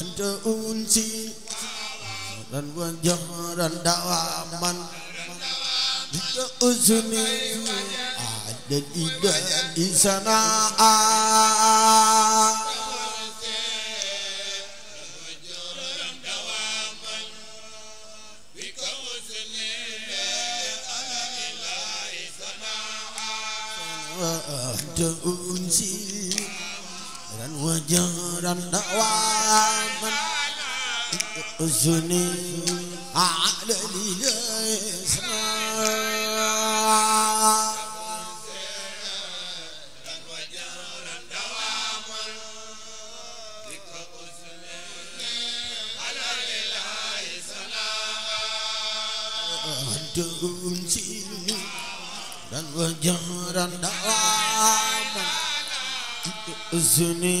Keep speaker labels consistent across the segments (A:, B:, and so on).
A: أنت أنسي سرا وجهرا دواما بك أزني أعد الإله سناء وأنت أنسي سرا وجهرا دواما من أزني
B: على الإسلام
A: تمسيني dan wajaran dalam Zuni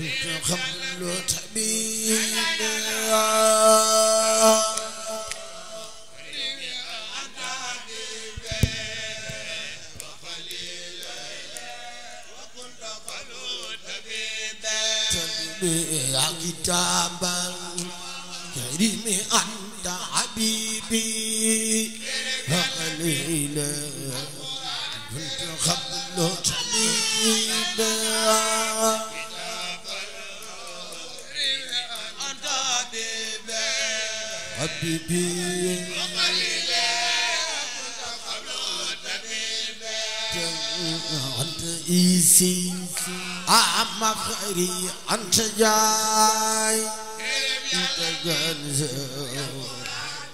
A: قبل تبينا si ama xëri anta jaay anta ganza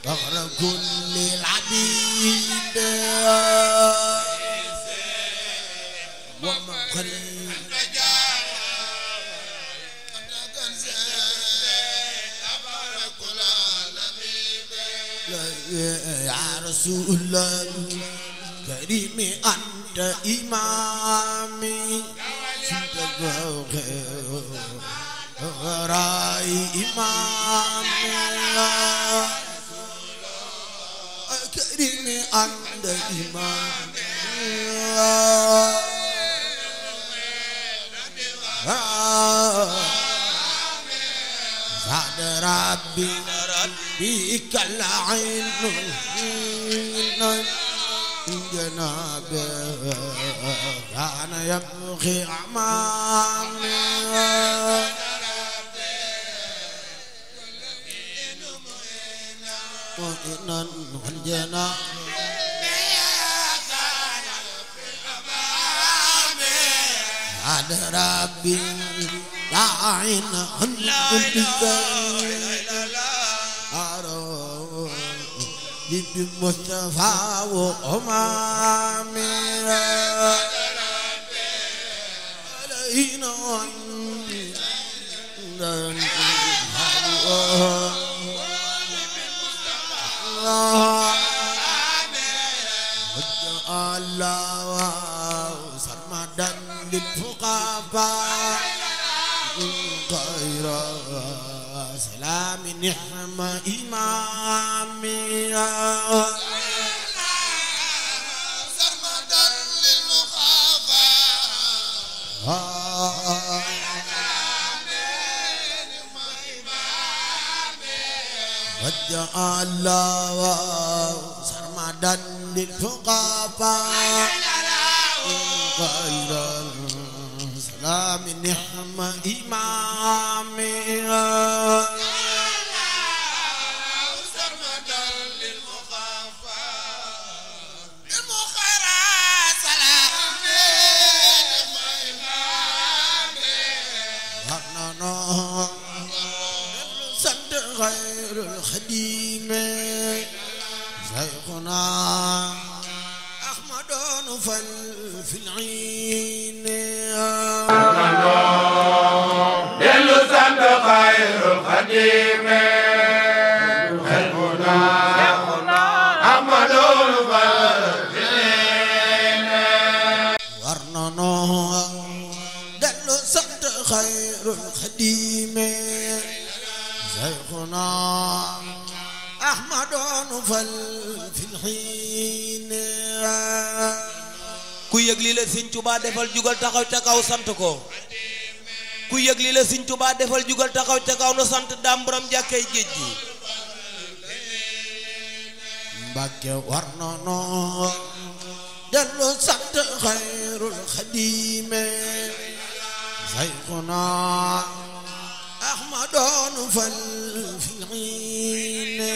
A: daxra kulli labid wa ma xëri يا رسول الله الكريم أنت إمامي غراي إمامي كريم أنت إمامي بعد ربي ربي كالعين جنابه كان يبخي أمامي مؤمنا والجناب بعد ربي داعنا عن البدايه حبيب مصطفى وأمامي علينا الله سرمدا للفقراء غير نعم إمامي
B: سرمدا
A: للمخافى واجعل سرمدا للفقفاء خير السلام نعم إمامي ku yëg lii la Sëñ Tuubaa defal jugal taxaw ca kaw sant ko yëg li la Sëñ Tuubaa defal jugal taxaw ca kaw nu sant daam borom jàkkay géej gi Mbàkke war na noo dellu sant xayrul xadime sayxuna ahmadoon fal filxiine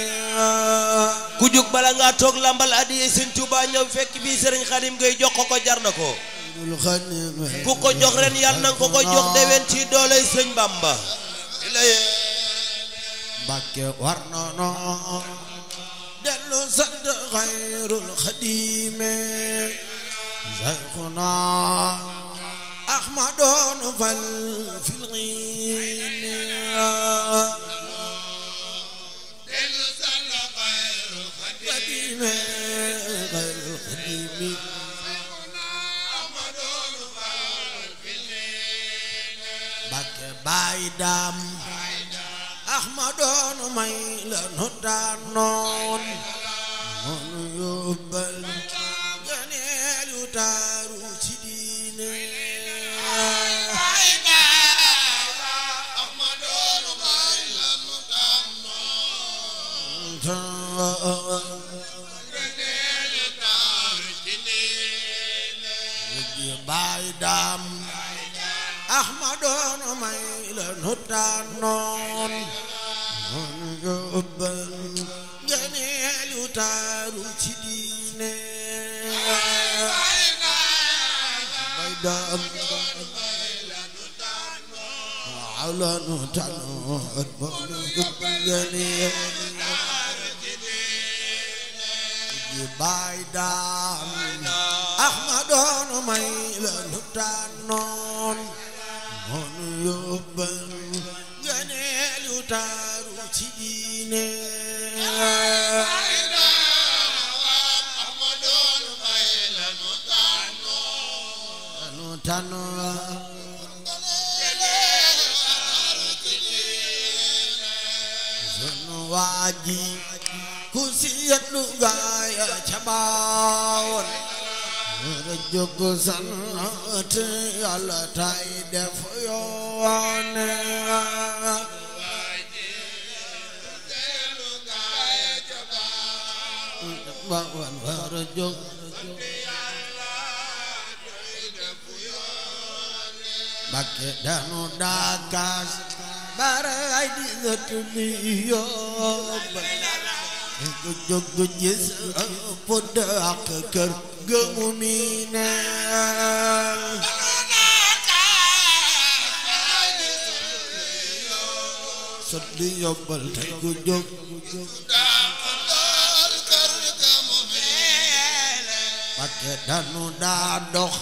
A: ku jóg bala ngaa toog lambal addiye Sëñ Tuubaa ñëw fekk fii Sëriñ Xadim ngay jox ko jar na ko ku ko jox ren yàlla na nga ko ko jox dewen ci dooley sëñ Bamba war na noo dellu sant xayrul xadime sayxuna ahmadoon fal filin doon may la nu daanoon moonu yóbbal ganeel yu taaru ci hubba janeelu taaru ci
B: diine bay daam
A: alanu tanu may lanu tanoon moon jóg sant yàlla tay def yoon ba wan wara jóg Mbakke danu daakaas bara ay di nga tulli yóbb gu jóg gu gis ëpp dàq kër gëmu miineel sot di yóbbal tey gu jóg Mbakke danu daa dox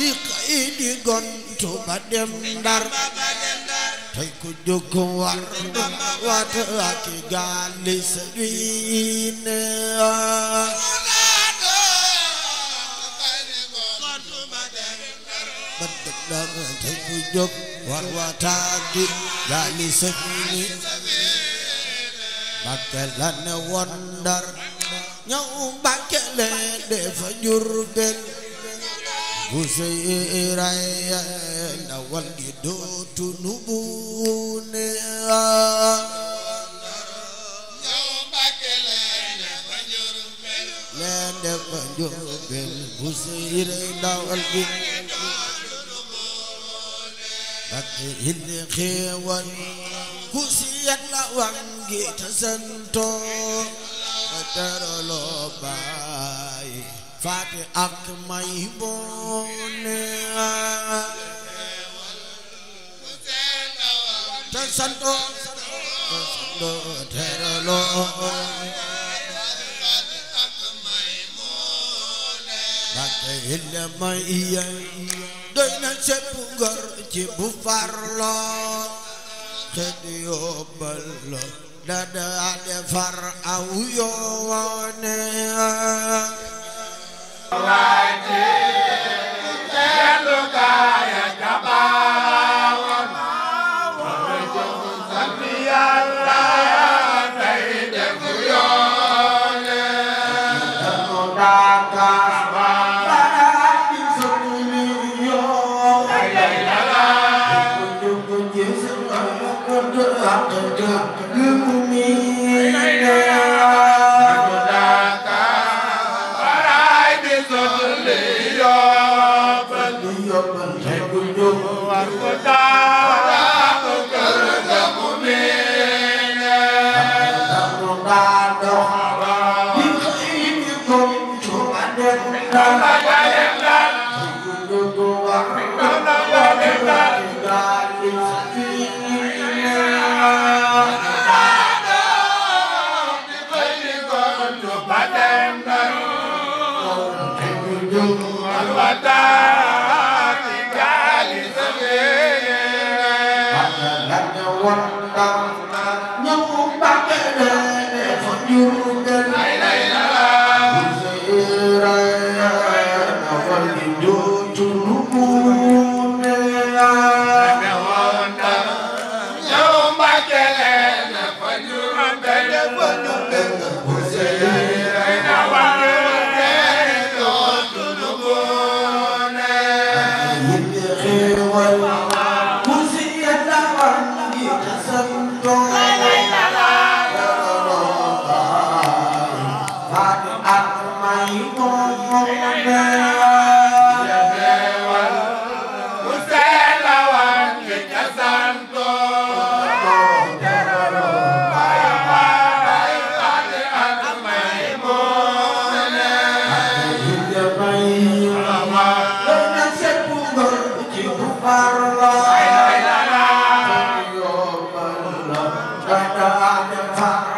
A: di xëy di gontu ba dem Ndar tey ku jóg war wat ak gaal li sëriñ tey ku jóg war wat ak gaal li sëriñ Mbakke la ne woon Ndar ñëw Mbakke leen defa Jurbel bu seyraaya ndawal gi dootu nu buune leen defa Jurbel bu seyraaya ndawal gi bakke ille xeewal la wangi ta santoo teraloo baay faate ak may boone te santoo teraloo faate illa may doy na sepp gor ci bu farloo te di yóbbal dadaa defar aw
B: yoone waate cellukaaya jabaa fa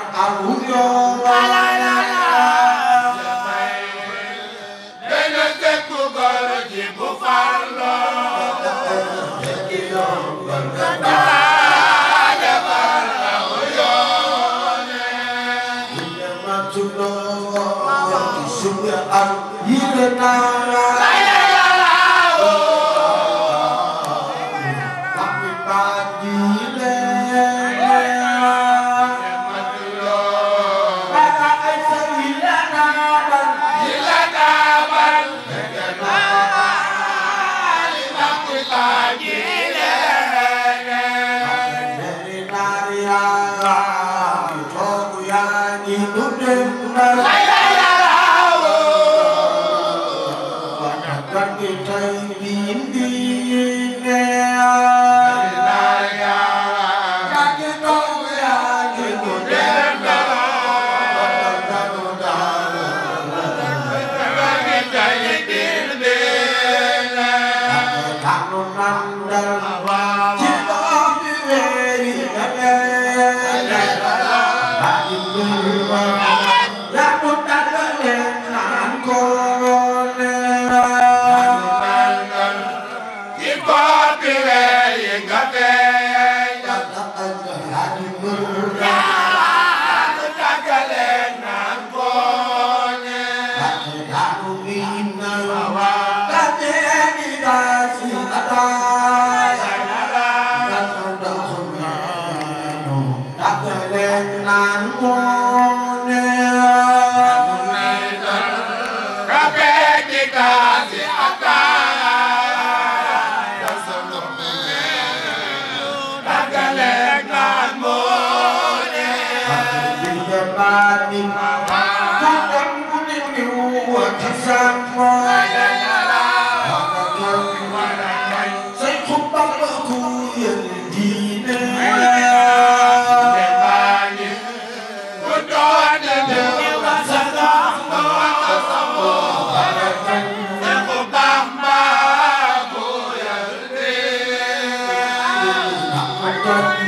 B: Thank you.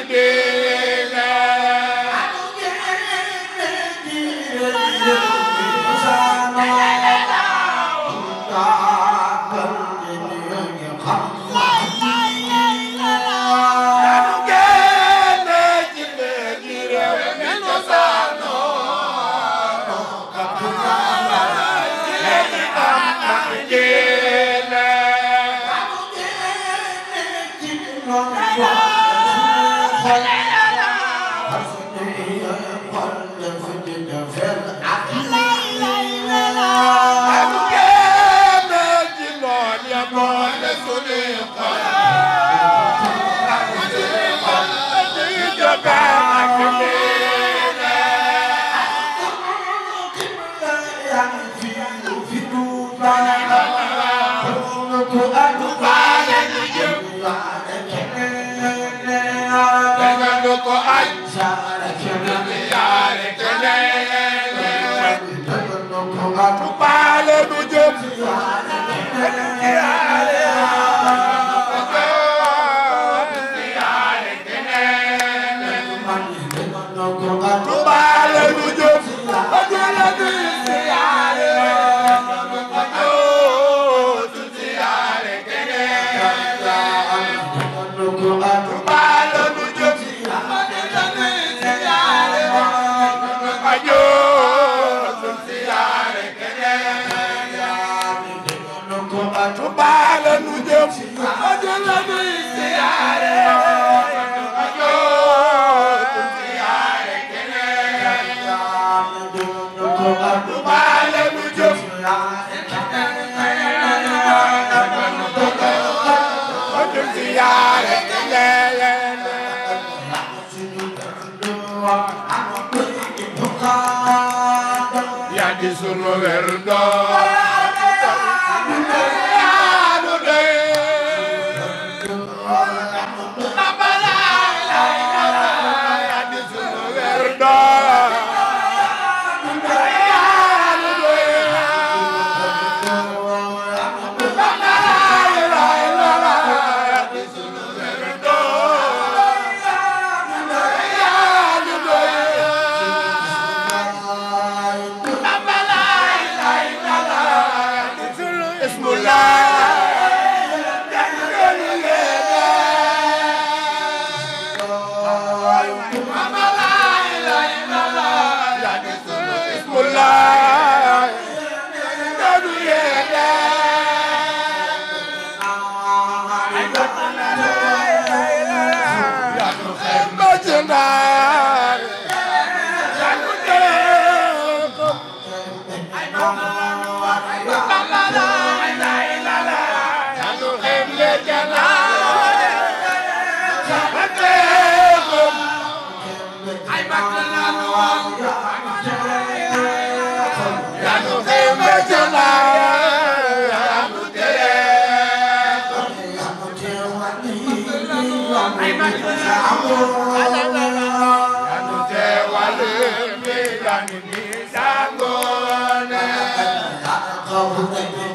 A: ande
B: Yeah. ci sunu werdo Thank you.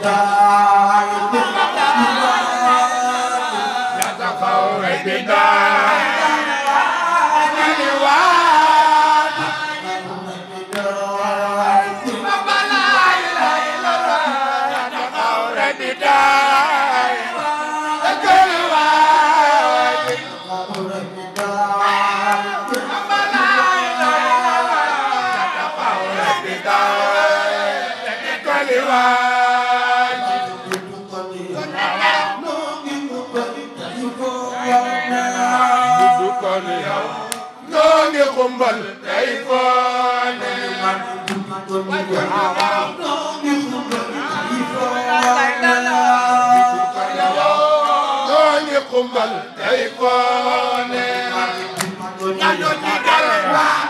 B: bal day koone ngado ci wa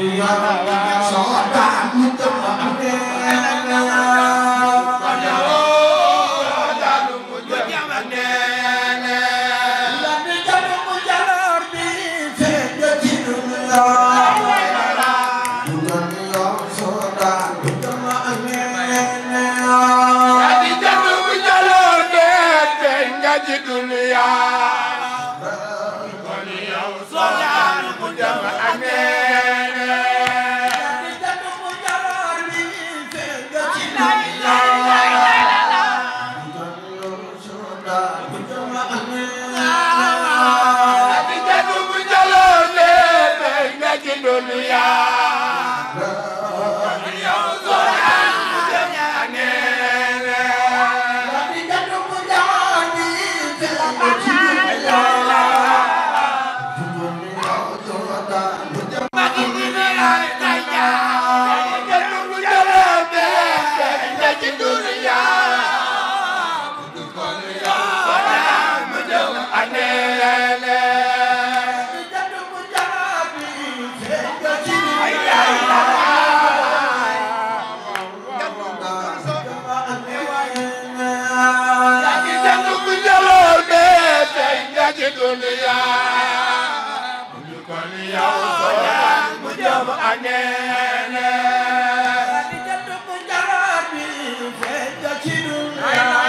B: يا dunya mujj kon yow soo mu jëm ak ñeneen di jënd bu njaboot bi feeñ ci dunya Amen.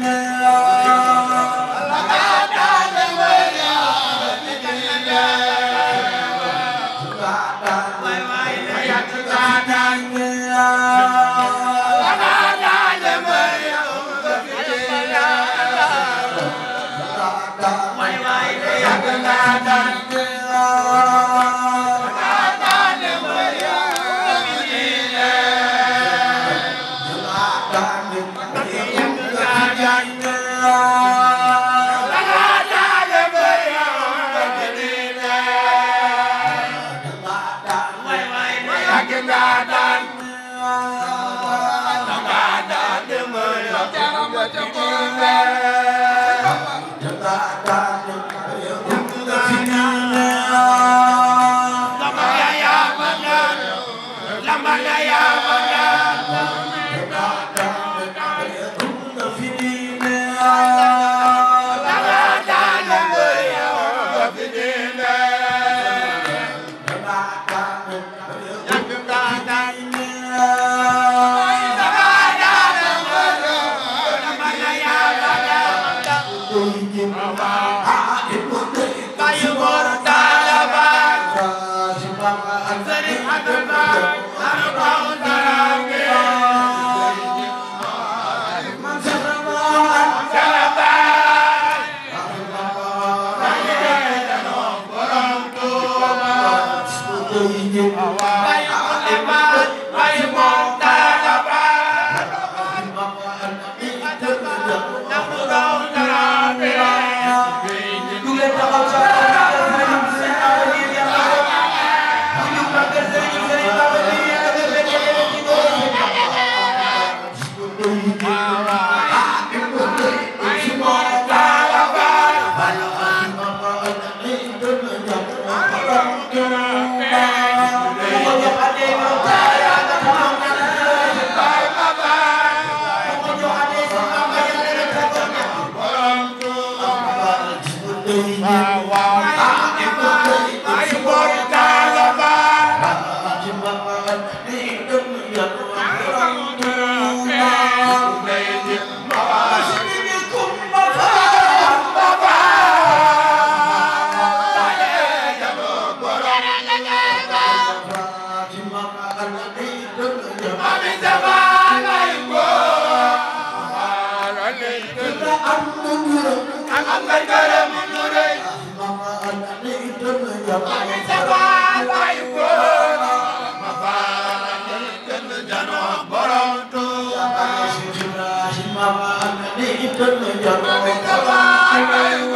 B: yàlla
A: Amen.